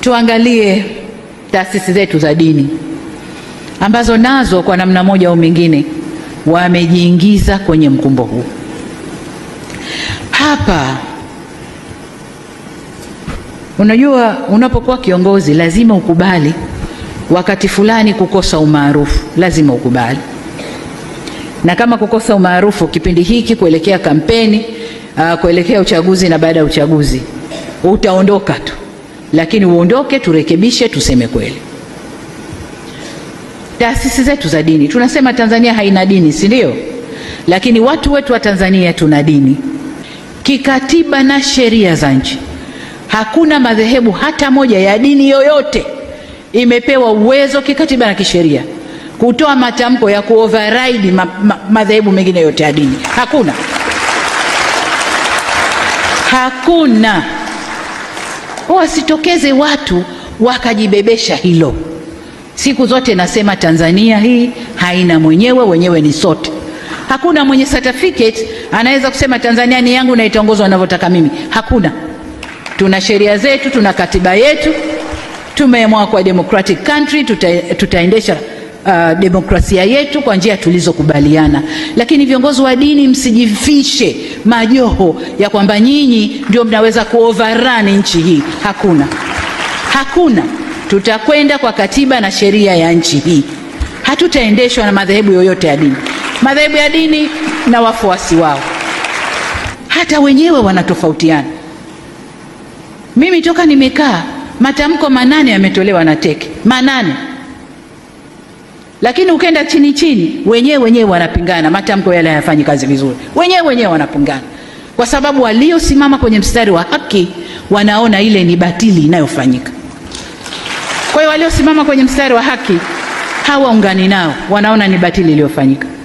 Tuangalie taasisi zetu za dini ambazo nazo kwa namna moja au mingine wamejiingiza kwenye mkumbo huu. Hapa unajua, unapokuwa kiongozi lazima ukubali wakati fulani kukosa umaarufu, lazima ukubali. Na kama kukosa umaarufu kipindi hiki kuelekea kampeni, uh, kuelekea uchaguzi na baada ya uchaguzi, utaondoka tu lakini uondoke, turekebishe, tuseme kweli. Taasisi zetu za dini, tunasema Tanzania haina dini, si ndio? Lakini watu wetu wa Tanzania tuna dini kikatiba na sheria za nchi. Hakuna madhehebu hata moja ya dini yoyote imepewa uwezo kikatiba na kisheria kutoa matamko ya kuoverride ma, ma, madhehebu mengine yote ya dini. Hakuna, hakuna wasitokeze watu wakajibebesha hilo. Siku zote nasema Tanzania hii haina mwenyewe, wenyewe ni sote. Hakuna mwenye certificate anaweza kusema Tanzania ni yangu na itaongozwa ninavyotaka mimi. Hakuna. Tuna sheria zetu, tuna katiba yetu, tumeamua kwa democratic country tuta, tutaendesha uh, demokrasia yetu kwa njia tulizokubaliana. Lakini viongozi wa dini, msijifishe majoho ya kwamba nyinyi ndio mnaweza kuoverrun nchi hii. Hakuna, hakuna. Tutakwenda kwa katiba na sheria ya nchi hii, hatutaendeshwa na madhehebu yoyote ya dini. Madhehebu ya dini na wafuasi wao hata wenyewe wanatofautiana. Mimi toka nimekaa matamko manane yametolewa na teke manane. Lakini ukienda chini chini, wenyewe wenyewe wanapingana, matamko yale hayafanyi kazi vizuri, wenyewe wenyewe wanapingana, kwa sababu waliosimama kwenye mstari wa haki wanaona ile ni batili inayofanyika. Kwa hiyo waliosimama kwenye mstari wa haki hawaungani nao, wanaona ni batili iliyofanyika.